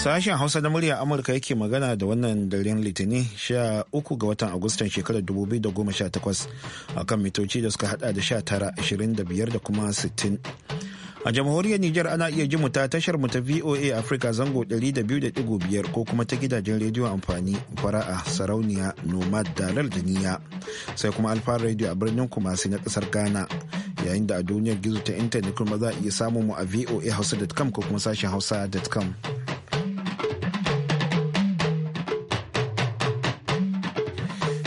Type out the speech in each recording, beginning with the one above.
Sashen Hausa na murya Amurka yake magana da wannan daren Litinin 13 ga watan Agustan shekarar 2018 a kan mitoci da suka hada da sha tara ashirin da biyar da kuma sittin A jamhuriyar Nijar ana iya ji ta tashar mu ta VOA Africa zango 200.5 ko kuma ta gidajen rediyo amfani fara'a sarauniya nomad da niya sai kuma alfa rediyo a birnin kumasi na kasar Ghana yayin da a duniyar gizo ta intanet kuma za a iya samun mu a voa hausa.com ko kuma sashen hausa.com.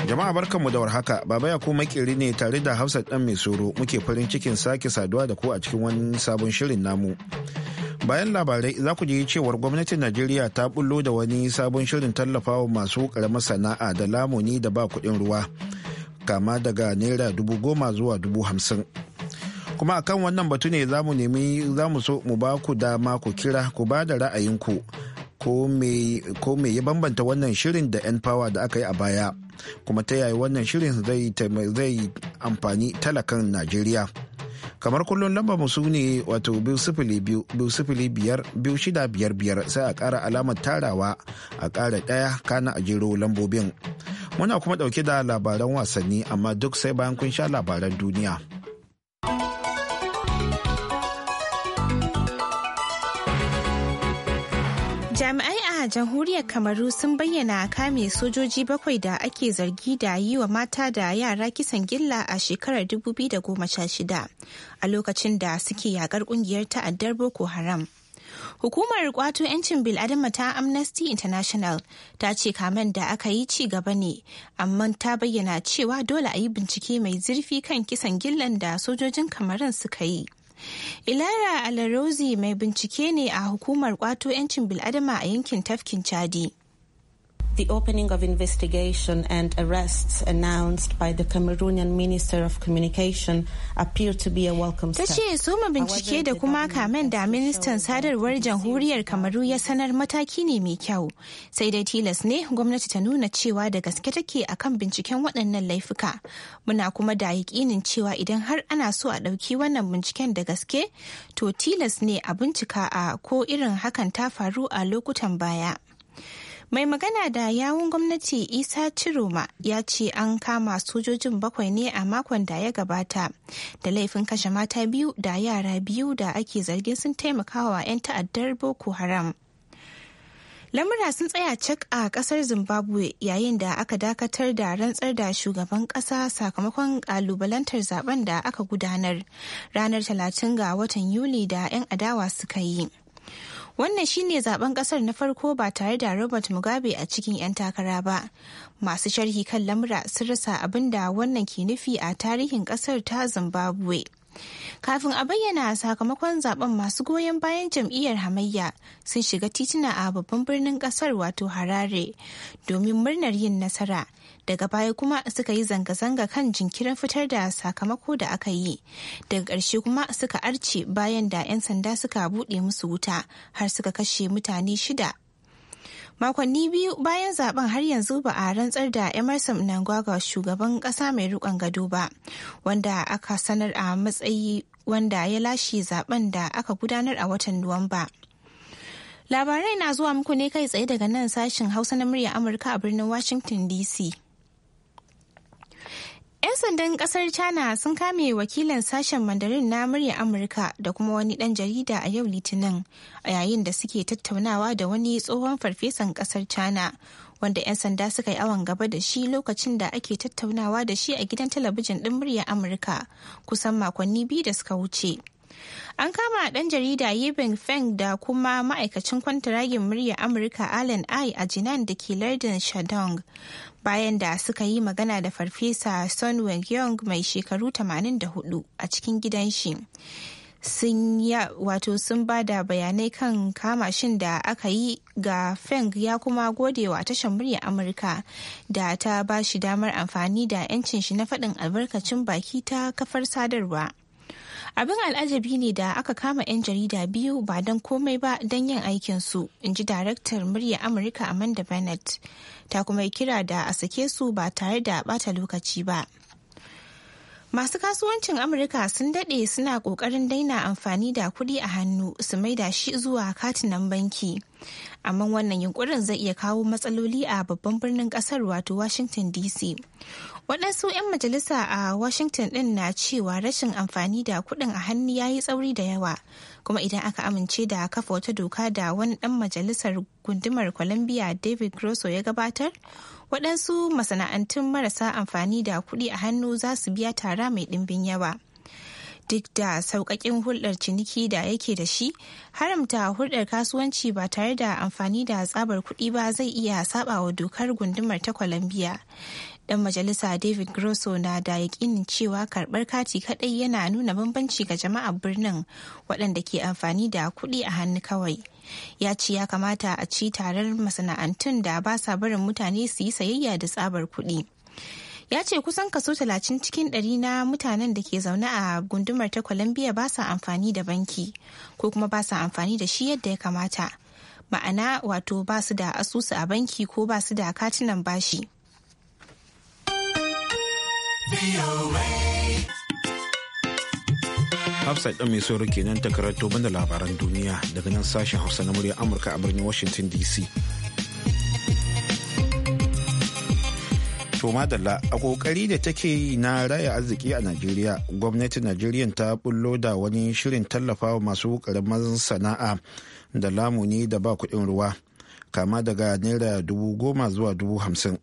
Jama'a barkanmu da warhaka, Baba ya kuma makeri ne tare da Hafsa ɗan mai soro muke farin cikin sake saduwa da ku a cikin wani sabon shirin namu. Bayan labarai za ku ji cewar gwamnatin Najeriya ta bullo da wani sabon shirin tallafawa masu ƙaramar sana'a da lamuni da ba kuɗin ruwa, kama daga naira dubu goma zuwa dubu hamsin. kuma akan wannan batu ne za mu nemi za so mu ba ku dama ku kira ku ba da ra'ayinku ko me ya bambanta wannan shirin da 'yan fawa da aka yi a baya kuma ta yaya wannan shirin zai amfani talakan najeriya kamar kullum lamba sune ne wato biyu sifili biyu sifili biyar biyu shida biyar biyar sai a kara alamar tarawa a ƙara ɗaya kana a jero lambobin muna kuma ɗauke da labaran wasanni amma duk sai bayan kun sha labaran duniya. a jamhuriyar kamaru sun bayyana kame sojoji bakwai da ake zargi da yi wa mata da yara kisan gilla a shekarar 2016 a lokacin da suke yakar kungiyar ta'addar boko haram Hukumar kwato 'yancin bil'adama ta Amnesty International ta ce kamen da aka yi ci gaba ne, amma ta bayyana cewa dole a yi bincike mai zurfi kan kisan gillan da sojojin kamarin suka yi. Ilara Alarozi mai bincike ne a hukumar kwato 'yancin bil'adama a yankin tafkin Chadi. the opening of investigation and arrests announced by the Cameroonian Minister of Communication appear to be a welcome step. Ta ce soma bincike da kuma kamen da ministan sadarwar jamhuriyar Kamaru ya sanar mataki ne mai kyau. Sai dai tilas ne gwamnati ta nuna cewa da gaske take akan binciken waɗannan laifuka. Muna kuma da yakinin cewa idan har ana so a ɗauki wannan binciken da gaske, to tilas ne a bincika a ko irin hakan ta faru a lokutan baya. mai magana da yawun gwamnati isa ciroma ya ce an kama sojojin bakwai ne a makon da ya gabata da laifin kashe mata biyu da yara biyu da ake zargin sun taimakawa 'yan ta'addar boko haram lamura sun tsaya cak a kasar zimbabwe yayin da aka dakatar da rantsar da shugaban kasa sakamakon kalubalantar zaben da aka gudanar ranar 30 ga watan yuli da 'yan adawa suka yi Wannan shine zaben kasar na farko ba tare da Robert Mugabe a cikin 'yan takara ba. Masu sharhi kan lamura sun rasa abin da wannan ke nufi a tarihin kasar ta Zimbabwe. Kafin a bayyana sakamakon zaben masu goyon bayan jam'iyyar hamayya sun shiga tituna a babban birnin kasar wato Harare domin murnar yin nasara daga baya kuma suka yi zanga-zanga kan jinkirin fitar da sakamako da aka yi daga ƙarshe kuma suka arce bayan da 'yan sanda suka buɗe musu wuta har suka kashe mutane shida makonni biyu bayan zaben har yanzu ba a rantsar da emerson nangwagwa shugaban ƙasa mai rikon gado ba wanda aka sanar a matsayi wanda ya lashe zaben da aka gudanar a watan nuwamba labarai na zuwa muku ne kai tsaye daga nan sashen hausa na murya amurka a birnin washington dc 'Yan sandan kasar China sun kame wakilin sashen Mandarin na murya Amurka da kuma wani ɗan jarida a yau Litinin a yayin da suke tattaunawa da wani tsohon farfesan kasar China wanda 'yan sanda suka yi awon gaba da shi lokacin da ake tattaunawa da shi a gidan talabijin ɗin murya Amurka kusan makonni biyu da suka wuce. An kama ɗan jarida Yibin Feng da kuma ma'aikacin kwantaragin murya Amurka Allen Ai a Jinan da ke lardin Shandong bayan da suka yi magana da farfesa Son Weng-yong mai shekaru 84 a cikin gidan shi. sun ya wato sun ba da bayanai kan kama shin da aka yi ga feng ya kuma gode wa tashar murya amurka da ta ba shi damar amfani da 'yancin shi na faɗin albarkacin baki ta kafar sadarwa abin al'ajabi ne da aka kama 'yan jarida biyu ba don komai ba don yin aikinsu in ji daraktar murya amurka amanda bennett ta kuma yi kira da a sake su ba tare da bata lokaci ba masu kasuwancin amurka sun dade suna ƙoƙarin daina amfani da kuɗi a hannu su mai da shi zuwa katinan banki amma wannan yunkurin zai iya kawo matsaloli a babban birnin ƙasar wato washington dc waɗansu 'yan majalisa a washington ɗin na cewa rashin amfani da kuɗin a hannu ya yi tsauri da yawa kuma idan aka amince da kafa wata doka da wani ɗan majalisar gundumar columbia david grosso ya gabatar waɗansu masana'antun marasa amfani da kuɗi a hannu za su biya tara mai ɗimbin yawa duk da sauƙaƙin hulɗar ciniki da yake da shi haramta hulɗar kasuwanci ba tare da amfani da tsabar kuɗi ba zai iya wa dokar gundumar ta colombia dan majalisa david grosso na da yakinin cewa karɓar kati kaɗai yana nuna bambanci ga jama'ar birnin waɗanda ke amfani da kuɗi a hannu kawai ya ce ya kamata a ci tarar masana'antun da ba sa barin mutane su yi sayayya da tsabar kuɗi ya ce kusan kaso 30 cikin ɗari na mutanen da ke zaune a gundumar ta colombia ba sa amfani da banki ko kuma ba sa amfani da shi yadda ya kamata ma'ana wato ba su da asusu a banki ko ba su da katinan bashi Hafsat ɗan mai sauri kenan takarar tobin da labaran duniya daga nan sashen Hausa na muryar Amurka a birnin Washington DC. To madalla a kokari da take yi na raya arziki a Najeriya, gwamnatin Najeriya ta bullo da wani shirin tallafawa masu karamin sana'a da lamuni da ba kuɗin ruwa, kama daga naira dubu goma zuwa dubu hamsin.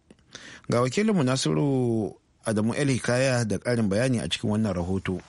Ga wakilinmu Nasiru Adamu El da karin bayani a cikin wannan rahoto.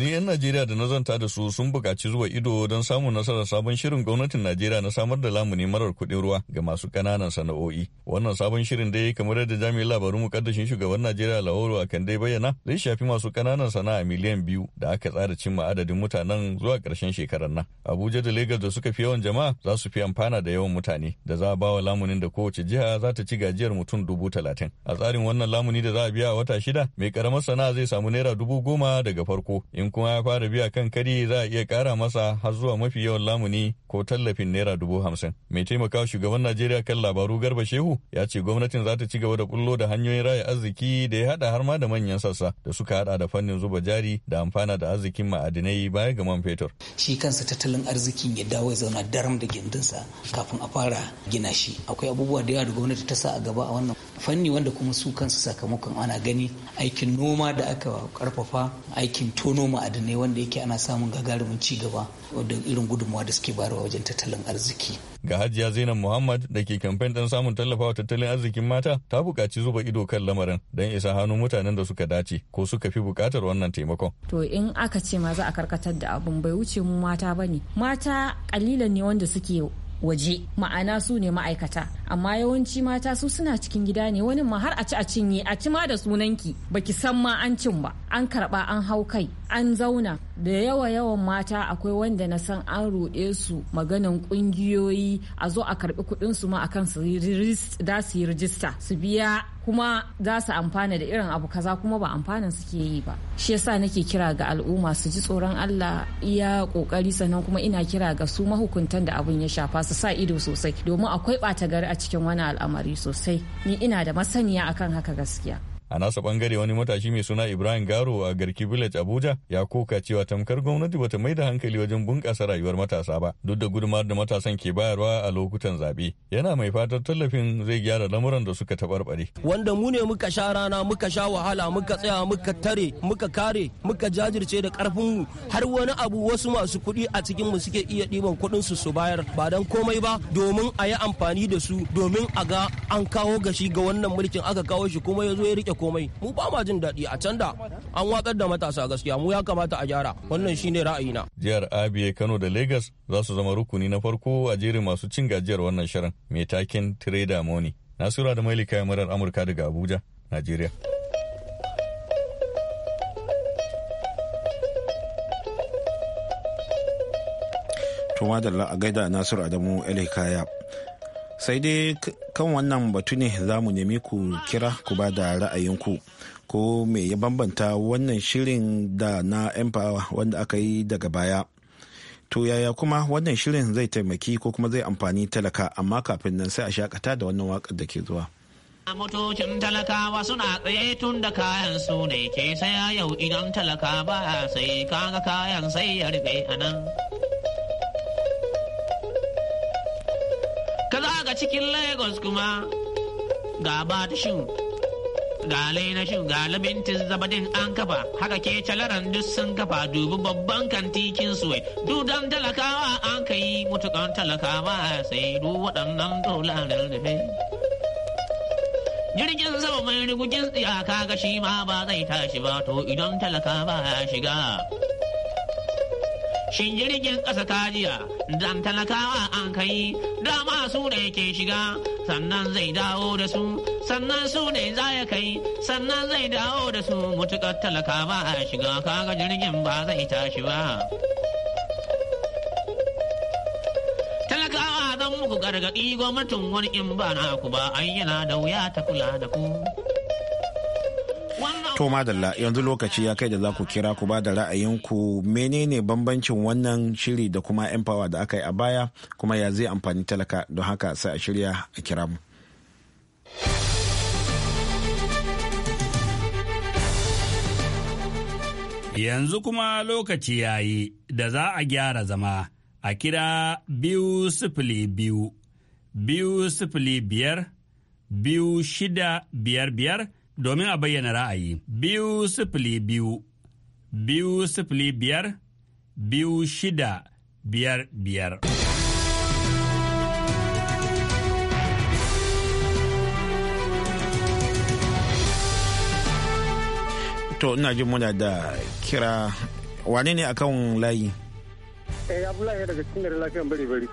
yan najeriya da nazanta da su sun buƙaci zuwa ido don samun nasarar sabon shirin gwamnatin najeriya na samar da lamuni marar kuɗin ruwa ga masu ƙananan sana'o'i wannan sabon shirin dai kamar yadda jami'in labarun mukaddashin shugaban najeriya lahoro a kan dai bayyana zai shafi masu ƙananan sana'a miliyan biyu da aka tsara cimma adadin mutanen zuwa ƙarshen shekarar nan abuja da lagos da suka fi yawan jama'a za su fi amfana da yawan mutane da za a bawa lamunin da kowace jiha za ta ci gajiyar mutum dubu talatin a tsarin wannan lamuni da za a biya a wata shida mai karamar sana'a zai samu naira dubu goma daga farko in kuma ya fara biya kan kari za a iya kara masa har zuwa mafi yawan lamuni ko tallafin naira dubu hamsin mai taimaka shugaban najeriya kan labaru garba shehu ya ce gwamnatin za ta ci gaba da kullo da hanyoyin raya arziki da ya haɗa har ma da manyan sassa da suka hada da fannin zuba jari da amfana da arzikin ma'adinai baya ga man fetur shi kansa tattalin arzikin ya dawo ya zauna daram da gindinsa kafin a fara gina shi akwai abubuwa da yawa da gwamnati ta sa a gaba a wannan fanni wanda kuma su kansu sakamakon ana gani aikin noma da aka karfafa aikin tono ma'adanai wanda yake ana samun gagarumin ci gaba da irin gudunmawa da suke barawa wajen tattalin arziki ga hajiya zainab muhammad da ke kamfen don samun tallafawa tattalin arzikin mata ta buƙaci zuba ido kan lamarin don isa hannun mutanen da suka dace ko suka fi buƙatar wannan taimakon to in aka ce ma za a karkatar da abun bai wuce mu mata bane mata kalilan ne wanda suke waje ma'ana su ne ma'aikata amma yawanci mata su suna cikin gida ne wani ma har a ci a cinye a ci ma da sunanki baki san ma an cin ba an karba an hau kai an zauna da yawa yawan mata akwai wanda na san an ruɗe su maganan kungiyoyi a zo a karbi kudin su ma akan su da yi rijista su biya kuma za su amfana da irin abu kaza kuma ba amfanin suke yi ba shi yasa nake kira ga al'umma su ji tsoron Allah iya kokari sannan kuma ina kira ga su mahukuntan da abun ya shafa su sa ido sosai domin akwai ɓata gari a cikin wani al'amari sosai ni ina da masaniya akan haka gaskiya A nasa bangare wani matashi mai suna Ibrahim Garo a Garki Village Abuja ya koka cewa tamkar gwamnati bata mai da hankali wajen bunƙasa rayuwar matasa ba duk da gudumar da matasan ke bayarwa a lokutan zaɓe. Yana mai fatar tallafin zai gyara lamuran da suka taɓarɓare. Wanda mu ne muka sha rana muka sha wahala muka tsaya muka tare muka kare muka jajirce da mu har wani abu wasu masu kuɗi a cikin mu suke iya ɗiban kuɗin su su bayar ba dan komai ba domin a yi amfani da su domin a ga an kawo gashi ga wannan mulkin aka kawo shi kuma ya zo ya riƙe komai mu ba ma jin daɗi a can da an watsar da matasa gaskiya mu ya kamata a gyara wannan shine ra'ayina jihar abia kano da lagos za su zama rukuni na farko a jerin masu cin gajiyar wannan shirin mai taken trader money nasura da mailika ya murar amurka daga abuja najeriya Tuma da a gaida Nasiru Adamu Elekaya. sai dai kan wannan batu ne za mu nemi ku kira ku ba da ra'ayinku ko me ya bambanta wannan shirin da na empower wanda aka yi daga baya to yaya kuma wannan shirin zai taimaki ko kuma zai amfani talaka amma kafin nan sai a shakata da wannan wakar da ke zuwa motocin talakawa suna tsaye tun da kayan su ne ke saya yau idan talaka ba sai kaga kayan sai ya rufe a nan Za ga cikin lagos kuma ga batishin ga lainashin ga labintin zabadin an kafa haka ke calaran duk sun kafa dubi babban kantikin suwai dudan talakawa an ka yi mutukan talakawa sai du waɗannan dolarar da jirgin sama mai rigujin tsiyaka ga shi ma ba zai tashi ba to idan talakawa ya shiga Shin jirgin ƙasa ta jiya, dan talakawa an kai, dama su ne ke shiga, sannan zai dawo da su, sannan su ne za ya kai, sannan zai dawo da su mutuƙar talaka ba a shiga, kaga jirgin ba zai tashi ba. Talakawa zan muku gargaɗi gwamnatin wani in ba na ku ba, Ayyana da wuya ta kula da ku. To madalla yanzu lokaci ya kai da za ku kira ku ba da ra'ayinku menene bambancin wannan shiri da kuma empower da aka yi a baya kuma ya zai amfani talaka don haka sai a shirya a kira mu. Yanzu kuma lokaci ya yi da za a gyara zama a kira biyu sifili biyu, biyu sifili biyar, biyu shida biyar biyar domin a bayyana ra'ayi biyu sifili biyu biyu sifili biyar biyu shida biyar biyar. To ina jin muna da kira wane ne akan layi? Eh Abdullahi daga cikin lafiyan bari bari.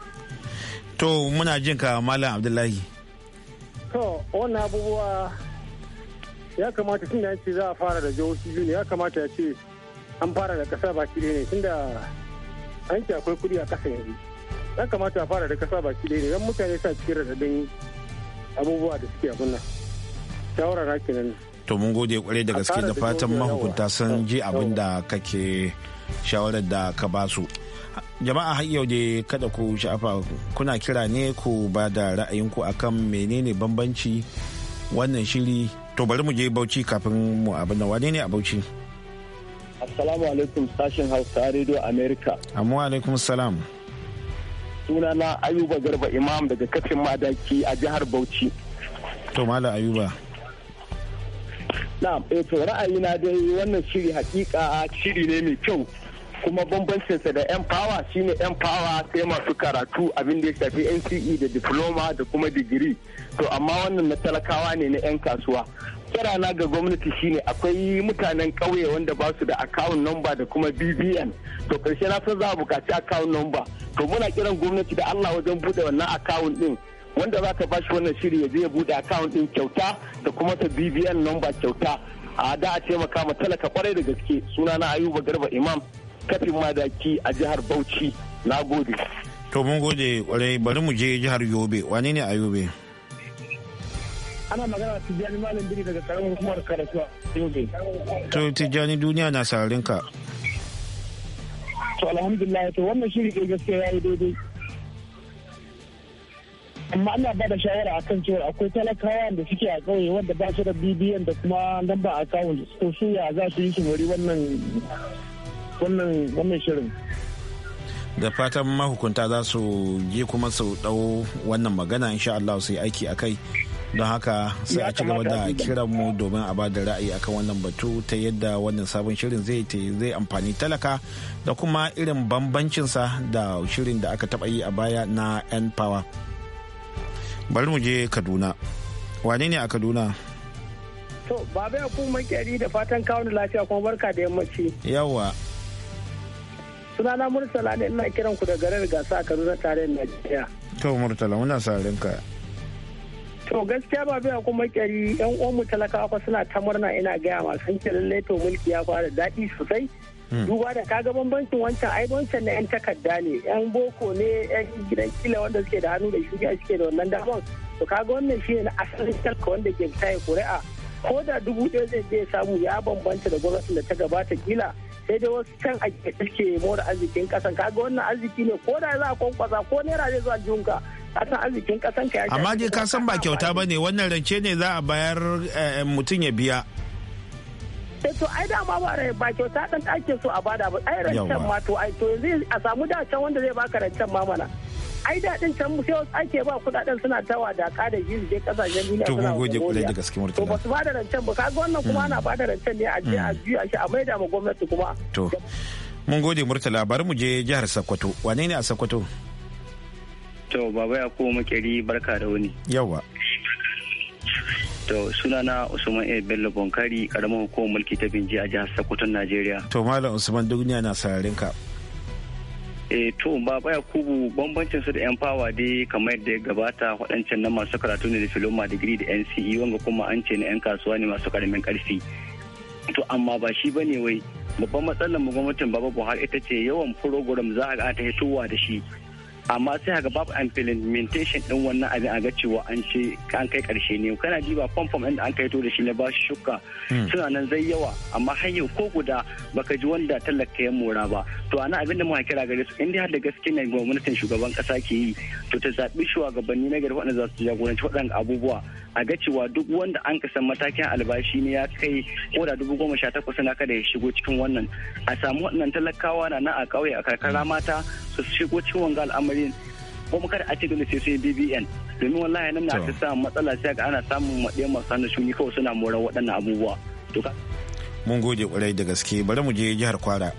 To muna jin ka Malam Abdullahi. To wannan abubuwa ya kamata tun da ce za a fara da jihohi biyu ne ya kamata ya ce an fara da kasa baki ɗaya ne tunda an ce akwai kuɗi a ƙasa yanzu ya kamata a fara da kasa baki ɗaya ne don mutane sa cikin raɗaɗin abubuwa da suke abin nan shawara na kenan to mun gode kwarai da gaske da fatan mahukunta sun ji abin da kake shawarar da ka ba su jama'a har yau dai kada ku sha'afa kuna kira ne ku ba da ra'ayinku akan menene bambanci wannan shiri to bari mu je bauchi kafin mu abin da wane ne a bauchi assalamu alaikum sashen hausa radio america amma alaikum salam suna na ayuba garba imam daga kafin madaki a jihar bauchi to mala ayuba na eh, to ra'ayina dai wannan shiri hakika shiri ne mai kyau kuma bambancinsa da yan fawa shine yan fawa sai masu karatu abinda ya shafi nce da diploma da kuma digiri to amma wannan na talakawa ne na yan kasuwa kira na ga gwamnati shine akwai mutanen ƙauye wanda ba su da account number da kuma bbn to karshe na san za a buƙaci account number to muna kiran gwamnati da allah wajen buɗe wannan account din wanda za ka ba shi wannan shiri ya je ya buɗe account din kyauta da kuma ta bbn number kyauta a da a taimaka ma talaka kwarai da gaske suna na ayuba garba imam kafin madaki a jihar Bauchi. Na gode. To mun gode kwarai bari mu je jihar Yobe. Wani ne a Yobe? Ana magana Tijjani Malam Biri daga karamin hukumar Karatuwa Yobe. To Tijjani duniya na sararin ka. To alhamdulillah to wannan shiri ke gaskiya ya yi daidai. amma ana ba da shawara a kan cewa akwai talakawa da suke a ƙauye wanda ba su da bidiyon da kuma lamba a kawo su ya za su yi su wannan wannan shirin da fatan mahukunta za su je kuma su dau wannan magana insha Allah su yi aiki a kai don haka sai a ci gaba da kiran mu domin a bada ra'ayi akan wannan batu ta yadda wannan sabon shirin zai zai amfani talaka da kuma irin bambancinsa da shirin da aka taba yi a baya na n power bari mu je kaduna wane ne a kaduna to babu ya kuma da fatan kawo lafiya kuma barka da yammaci yawa sunana murtala ne ina kiran ku da garin gasa a kaduna tarayyar najeriya to murtala muna sarin ka to gaskiya ba biya kuma kyari yan uwanmu talakawa suna ta murna ina gaya masu hanci lalle to mulki ya fara daɗi sosai hmm. duba da kaga bambancin wancan ai wancan na yan takarda ne yan boko ne yan gidan kila wanda suke da hannu da shi a suke da wannan damar to kaga wannan shi ne na asalin talka wanda ke fita ya kuri'a ko da dubu ɗaya zai je samu ya bambanta da gwamnatin da ta gabata kila sai dai wasu can a ke mora arzikin kasan kaga wannan arziki ne ko da za a kwankwasa ko naira zai zuwa junka kasan arzikin kasan ka ya amma dai ka san ba kyauta ba ne wannan rance ne za a bayar eh, mutum ya biya sai eh, to ai dama ba rai ba kyauta dan ake so a bada ba ai rancen ma to ai to yanzu a samu da can wanda zai baka rancen ma mana ai daɗin can sai wasu ake ba kuɗaɗen suna ta wadaka da shi je kasashen duniya suna goge kuɗi da gaske murtala to ba su ba da rancen ba kaga wannan kuma ana hmm. ba da rancen ne a je a hmm. juya shi a maida ma gwamnati kuma to mun gode murtala bari mu je jihar Sokoto wane ne a Sokoto to baba ya ko makeri barka da wani yawa To sunana Usman A. Bello Bonkari karamar hukumar mulki ta Binji a jihar sokoto Najeriya. To Malam Usman duniya na sararin ka. e to ba baya kubu bambancin su da yan fawa dai kamar yadda ya gabata waɗancan na masu karatu ne da filoma digiri da nce wanga kuma an ce na yan kasuwa ne masu karamin karfi to amma ba shi ba ne wai babban matsalar mu gwamnatin baba buhari ita ce yawan program za a ga ta hitowa da shi amma sai haka babu implementation din wannan abin a ga cewa an ce an kai karshe ne kana diba famfam inda an kai to da shi na bashi shuka hmm. suna nan zai yawa amma hanyar ko guda baka ji wanda tallaka ya mora ba to ana abin da muka kira gare su in dai har da gaske ne gwamnatin shugaban kasa ke yi to ta zaɓi shugabanni na gari waɗanda za su jagoranci waɗannan abubuwa a ga cewa duk wanda an kasan matakin albashi ne ya kai ko da dubu goma sha takwas na kada ya shigo cikin wannan a samu waɗannan talakawa na nan a ƙauye a karkara mata su shigo cikin wanga al'amarin kuma kada a ce dole sai BBN domin wallahi nan na ta samu matsala sai ga ana samun maɗe masu hannu shuni kawai suna moran waɗannan abubuwa. Mun gode kwarai da gaske bari mu je jihar Kwara.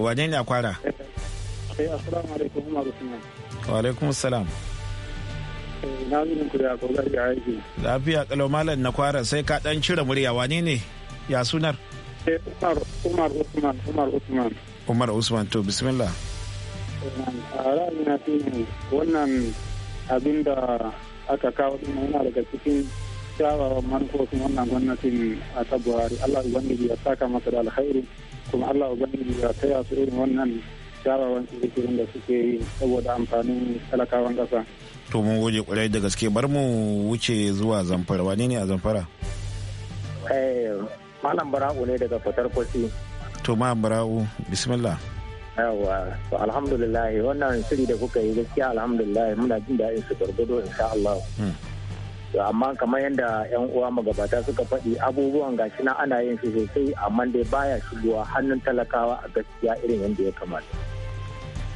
Wane ne a Kwara? Eh, eh, assalamu alaikum Wa alaikum salam. Eh, na zunin ku da a aiki lafiya kalau malam na kwara sai ka dan cire murya wani ne ya sunar eh, umar umar usman umar usman umar usman to bismillah a ra'ayina na ne wannan abin da aka kawo din yana daga cikin shawarar manufofin wannan gwamnatin a ta buhari allah ubangiji ya saka masa da alkhairi kuma allah ubangiji ya taya su irin wannan kyawawan shirye da suke yi saboda amfanin talakawan ƙasa. To mun goje kwarai da gaske bar mu wuce zuwa zamfara wane ne a zamfara? Eh, Malam Bara'u ne daga Fatar Kwasi. To ma Bara'u bismillah. Yawa to alhamdulillah wannan shiri da kuka yi gaskiya alhamdulillah muna jin daɗin su gargado insha Allah. Hmm. amma kamar yadda yan uwa magabata suka faɗi abubuwan gashi na ana yin shi sosai amma dai baya shigowa hannun talakawa a gaskiya irin yadda ya kamata.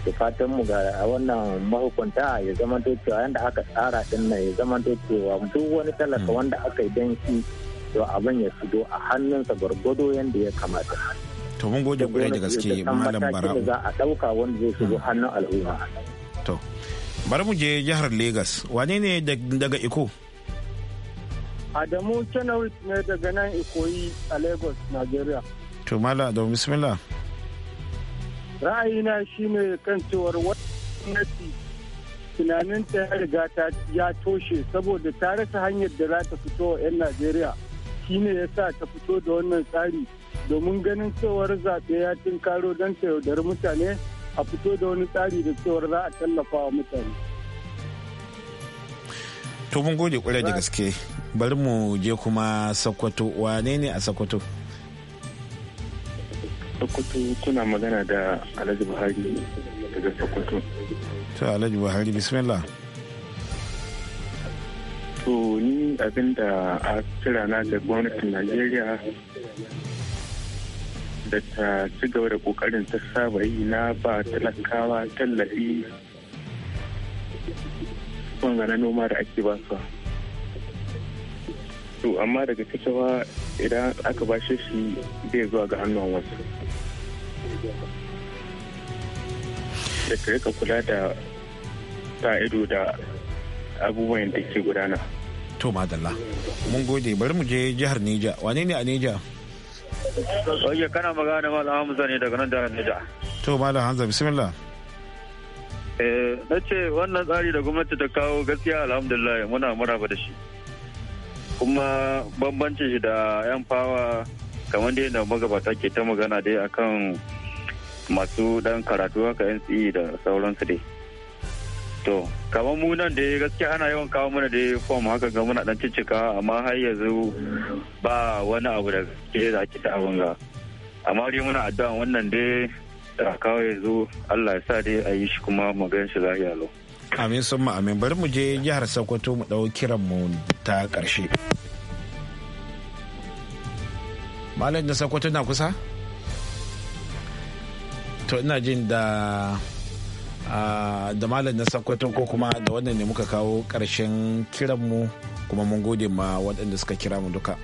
to fatan mu ga wannan mahukunta ya zama to cewa yanda aka tsara din nan ya zama to cewa duk wani talaka hmm. wanda aka yi shi to abin ya fito a hannunsa gwargwado yanda ya kamata to mun goge kwarai da gaske malam bara za a dauka wanda zai shigo hmm. hannun al'umma to bari mu je jihar Legas wane ne daga Eko. Adamu Channel ne daga nan Ikoyi a Lagos, Nigeria. To mala da bismillah. ra'ayina shine kan cewar gwamnati tunaninta ya riga ta ya toshe saboda ta rasa hanyar da za ta fito wa 'yan najeriya shine ya sa ta fito da wannan tsari domin ganin cewar zaɓe ya karo don ta yaudari mutane a fito da wani tsari da cewar za a tallafa wa mutane. To mun gode kwarai da gaske bari mu je kuma Sokoto wane ne a Sokoto? Sokoto kuna magana da Alhaji Buhari daga Sokoto. To Alhaji Buhari bismillah. To ni abin da a kira na da gwamnatin Najeriya da ta ci gaba da kokarin ta saba yi na ba talakawa tallafi gana noma da ake ba su. To amma daga kashewa idan aka bashe shi zai zuwa ga hannun wasu. da ka rika kula da ta ido da abubuwan da ke gudana. To madalla. Mun gode bari mu je jihar Neja. Wane ne a Neja? Oye kana magana ma Malam Hamza ne daga nan jihar Neja. To Malam Hamza bismillah. Eh na ce wannan tsari da gwamnati ta kawo gaskiya alhamdulillah muna maraba da shi. Kuma bambanci shi da yan fawa kamar da da magabata ke ta magana dai akan masu dan karatu haka yan tsiyi e da sauransu dai to kamar mu nan da gaskiya ana yawan kawo mana da form haka ga muna dan ciccika amma har yanzu ba wani abu da ke za ki ta abin ga amma dai muna addu'a wannan dai da kawo yanzu Allah ya sa dai a yi shi kuma mu gan shi lafiya lau amin sun amin bari mu je jihar Sokoto mu dau kiran mu ta karshe Malam da Sokoto na kusa? to ina jin da da malam na sakwato ko kuma da wannan ne muka kawo ƙarshen kiranmu kuma mun gode ma waɗanda suka kira mu duka.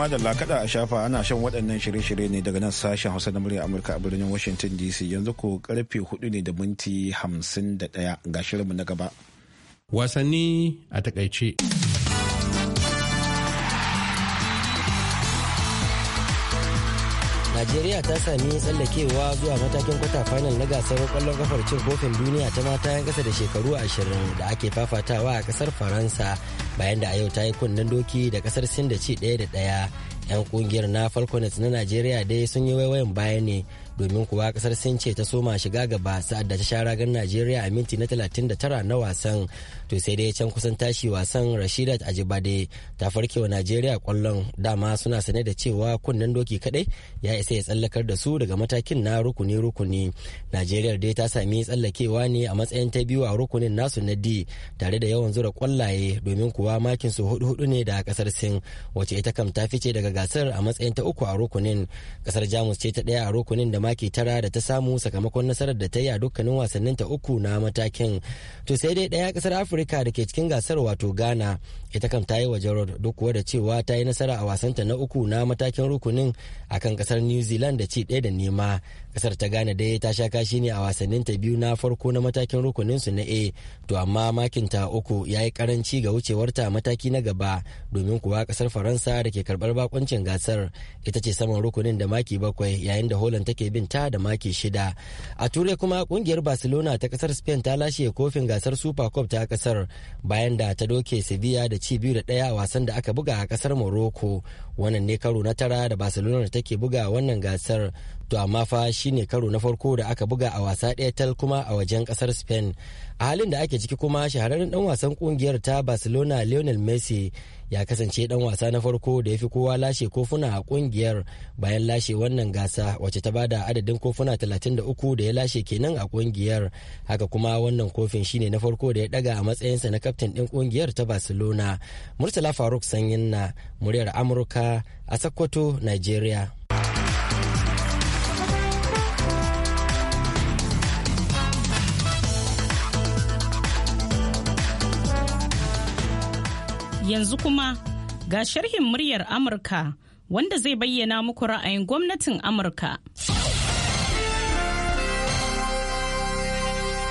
kuma da lakada a shafa ana shan waɗannan shirye-shirye ne daga nan sashen hausa na murya amurka a birnin washington dc yanzu ko karfe hudu ne da minti hamsin da ɗaya ga shirinmu na gaba wasanni a takaice najeriya ta sami tsallakewa zuwa matakin kwata final na gasar kwallon kafar cin kofin duniya ta mata yan kasa da shekaru ashirin da ake fafatawa a kasar faransa bayan da a yau ta yi kunnen doki da kasar sin da ci ɗaya da ɗaya yan kungiyar na falconets na najeriya dai sun yi waiwayin baya ne domin kuwa kasar sin ce ta soma shiga gaba sa'ad da ta sha ragar najeriya a minti na 39 na wasan to sai dai can kusan tashi wasan rashidat ajibade ta farkewa najeriya kwallon dama suna sane da cewa kunnen doki kadai ya isa ya tsallakar da su daga matakin na rukuni rukuni najeriya dai ta sami tsallakewa ne a matsayin ta biyu a rukunin nasu na d tare da yawan zura kwallaye domin kuwa makin su hudu hudu ne da kasar sin wacce ita kam ta fice daga gasar a matsayin ta uku a rukunin kasar jamus ce ta daya a rukunin da maki tara da ta samu sakamakon nasarar da ta yi a dukkanin wasannin ta uku na matakin to sai dai ɗaya kasar afirka da ke cikin gasar wato ghana ita kan ta yi wa jarod duk kuwa da cewa ta yi nasara a wasanta na uku na matakin rukunin akan ƙasar new zealand da ci daya da nema kasar ta gane dai ta sha kashi ne a wasannin ta biyu na farko na matakin rukunin su na a to amma makin ta uku ya yi karanci ga wucewarta mataki na gaba domin kuwa kasar faransa da ke karbar bakoncin gasar ita ce saman rukunin da maki bakwai yayin da holland take bin ta da maki shida a turai kuma kungiyar barcelona ta kasar spain ta lashe kofin gasar super cup ta kasar bayan da ta doke sevilla da ci biyu da daya a wasan da aka buga a kasar morocco wannan ne karo na tara da barcelona take buga wannan gasar to amma fa shine karo na farko da aka buga a wasa ɗaya tal kuma a wajen kasar spain a halin da ake ciki kuma shahararren dan wasan kungiyar ta barcelona lionel messi ya kasance dan wasa na farko da ya fi kowa lashe kofuna a kungiyar bayan lashe wannan gasa wacce ta bada adadin kofuna 33 da ya lashe kenan a kungiyar haka kuma wannan kofin shine na farko da ya daga a matsayinsa na kaftin din kungiyar ta barcelona murtala faruk sanyin na muryar amurka a sokoto nigeria Yanzu kuma ga sharhin muryar Amurka wanda zai bayyana muku ra'ayin gwamnatin Amurka.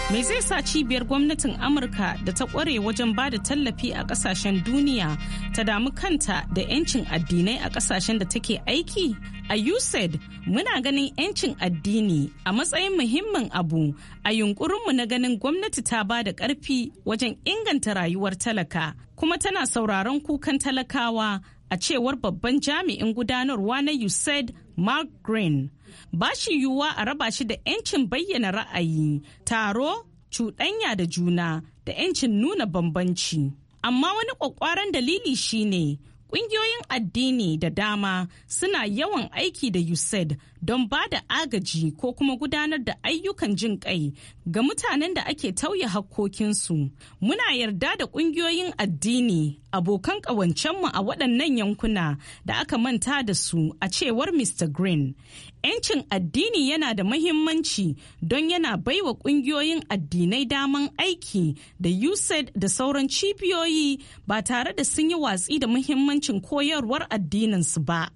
mai zai sa cibiyar gwamnatin amurka da ta kware wajen ba da tallafi a kasashen duniya ta damu kanta da 'yancin addinai a kasashen da take aiki a usaid muna ganin 'yancin addini a matsayin muhimmin abu a yunkurinmu na ganin gwamnati ta ba da karfi wajen inganta rayuwar talaka kuma tana sauraron kukan talakawa a cewar babban jami'in gudanarwa na USAID Mark Green. Bashi yiwuwa a raba shi da 'yancin bayyana ra'ayi, taro, cuɗanya da juna da 'yancin nuna bambanci. Amma wani ƙwaƙwaran dalili shine ƙungiyoyin addini da dama suna yawan aiki da USAID don ba da agaji ko kuma gudanar da ayyukan jin kai ga mutanen da ake tauye hakkokinsu. Muna yarda da ƙungiyoyin addini abokan ƙawancenmu a waɗannan yankuna da aka manta da su a cewar Mr. Green. 'Yancin addini yana da mahimmanci don yana baiwa ƙungiyoyin addinai daman aiki da USAID da sauran cibiyoyi ba tare da sun yi watsi da muhimmancin koyarwar addininsu ba.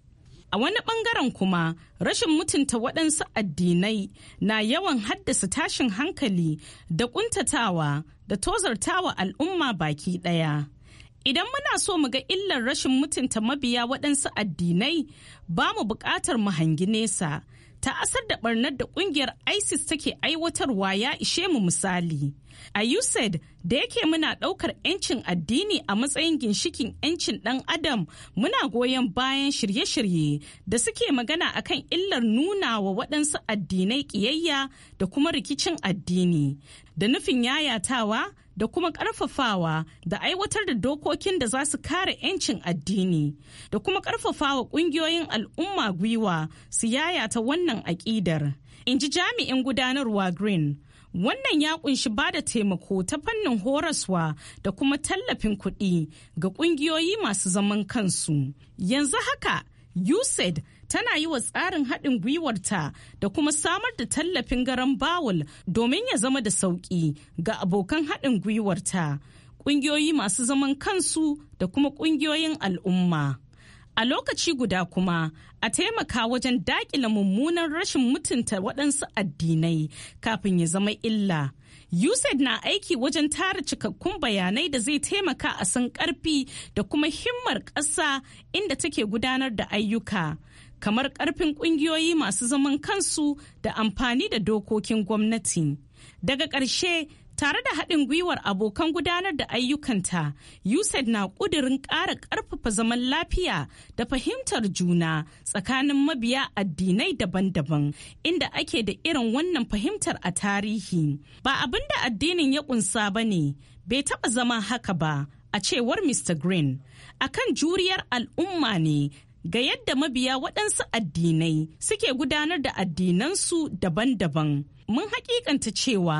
A wani bangaren kuma rashin mutunta waɗansu addinai na yawan haddasa tashin hankali da ƙuntatawa da tozartawa al'umma baki ɗaya. Idan muna so mu ga illar rashin mutunta mabiya waɗansu addinai ba mu buƙatar mu hangi nesa. ta'asar da ɓarnar da ƙungiyar isis take aiwatarwa ya ishe mu misali a usaid da yake muna ɗaukar 'yancin addini a matsayin ginshikin 'yancin ɗan adam muna goyon bayan shirye-shirye da suke magana akan illar nuna wa waɗansu addinai ƙiyayya da kuma rikicin addini da nufin yayatawa da kuma ƙarfafawa da aiwatar da dokokin da za su kare 'yancin addini da kuma ƙarfafawa ƙungiyoyin al'umma gwiwa su ta wannan aƙidar in ji jami'in gudanarwa green wannan ya ƙunshi ba da taimako ta fannin horaswa da kuma tallafin kuɗi ga ƙungiyoyi masu zaman kansu yanzu haka usaid tana yi wa tsarin haɗin gwiwarta da kuma samar da tallafin garan bawul domin ya zama da sauƙi ga abokan haɗin gwiwarta ƙungiyoyi masu zaman kansu da kuma ƙungiyoyin al'umma. A lokaci guda kuma a taimaka wajen daƙila mummunan rashin mutunta waɗansu addinai kafin ya zama illa. USAID na aiki wajen tara cikakkun bayanai da zai taimaka a san ƙarfi da kuma himmar ƙasa inda take gudanar da ayyuka. kamar karfin kungiyoyi masu zaman kansu da amfani da dokokin gwamnati. Daga ƙarshe, tare da haɗin gwiwar abokan gudanar da ayyukanta, USAID na ƙudurin ƙara ƙarfafa zaman lafiya da fahimtar juna tsakanin mabiya addinai daban-daban, inda ake da irin wannan fahimtar a tarihi. Ba abin da addinin ya ƙunsa ba ne, bai taɓa zama haka ba, a cewar Mr. Green. Akan juriyar al'umma ne ga yadda mabiya waɗansu addinai suke gudanar da addinansu daban-daban. Mun hakikanta cewa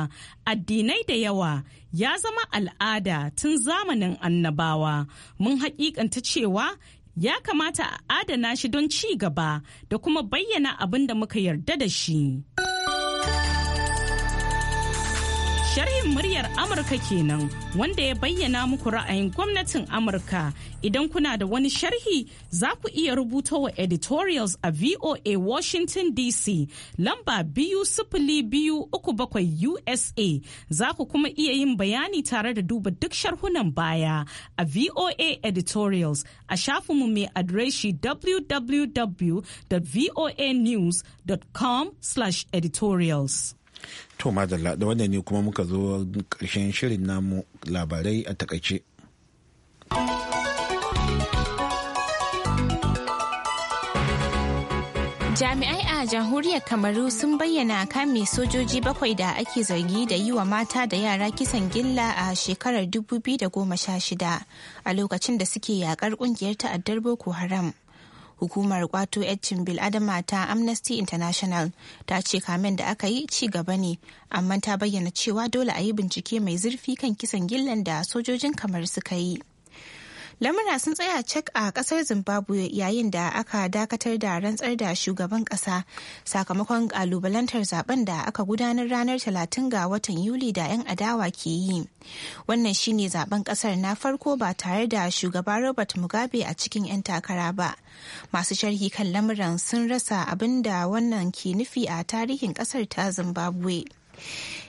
addinai da yawa ya zama al'ada tun zamanin annabawa. Mun hakikanta cewa ya kamata a adana shi don ci gaba da kuma bayyana abin da muka yarda da shi. Sharhin muryar Amurka kenan wanda ya bayyana muku ra'ayin gwamnatin Amurka. Idan kuna da wani sharhi za ku iya rubuta wa editorials a VOA Washington DC lamba biyu sifili biyu uku bakwai USA za ku kuma iya yin bayani tare da duba duk sharhunan baya a VOA editorials a shafinmu mai adireshi www.voanews.com/editorials. To madalla da wannan ne kuma muka zo ƙarshen shirin namu labarai a takaice. Jami'ai a jamhuriyar Kamaru sun bayyana kame sojoji bakwai da ake zargi da yi wa mata da yara kisan gilla a shekarar 2016 a lokacin da suke yakar kungiyar ta'addar Boko Haram. hukumar kwato yaccin bil adama ta amnesty international ta ce kamen da aka yi ci gaba ne amma ta bayyana cewa dole a yi bincike mai zurfi kan kisan gillan da sojojin kamar suka yi lamura sun tsaya cek a kasar zimbabwe yayin da aka dakatar da rantsar da shugaban kasa sakamakon kalubalantar zaben da aka gudanar ranar 30 ga watan yuli da 'yan adawa ke yi wannan shine zaben kasar na farko ba tare da shugaba robert mugabe a cikin 'yan takara ba masu sharhi kan lamuran sun rasa abin da wannan ke nufi a tarihin kasar ta zimbabwe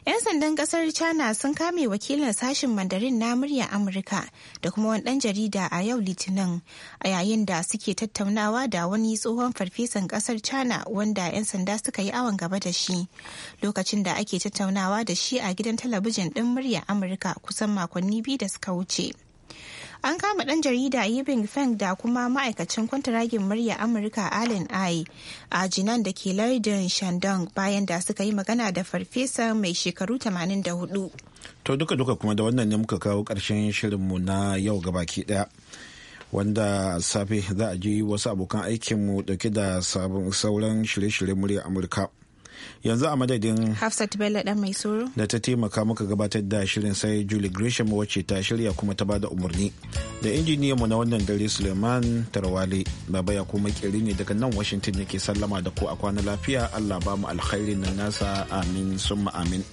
'Yan sandan kasar China sun kame wakilin sashen Mandarin na muryar Amurka da kuma wani ɗan jarida a yau Litinin a yayin da suke tattaunawa da wani tsohon farfesan kasar China wanda 'yan sanda suka yi awon gaba da shi lokacin da ake tattaunawa da shi a gidan talabijin ɗin muryar Amurka kusan makonni biyu da suka wuce. an kama dan jarida yibin feng da kuma ma'aikacin kwantaragin murya amurka allen ai a jinan da ke lardin shandong bayan da suka yi magana da farfesa mai shekaru 84 to duka-duka kuma da wannan ne muka kawo karshen shirinmu na yau gabaki daya wanda safe za a ji wasu abokan aikinmu dauke da sauran shirye-shiryen murya amurka yanzu a madadin hafsat bello dan mai soro da ta taimaka muka gabatar da shirin sai julie gresham wacce ta shirya kuma ta bada umarni da injiniyan mu na wannan dare suleiman tarwale baba ya kuma kiri ne daga nan washington yake sallama da ku a kwana lafiya allah ba mu alkhairin nan nasa amin summa amin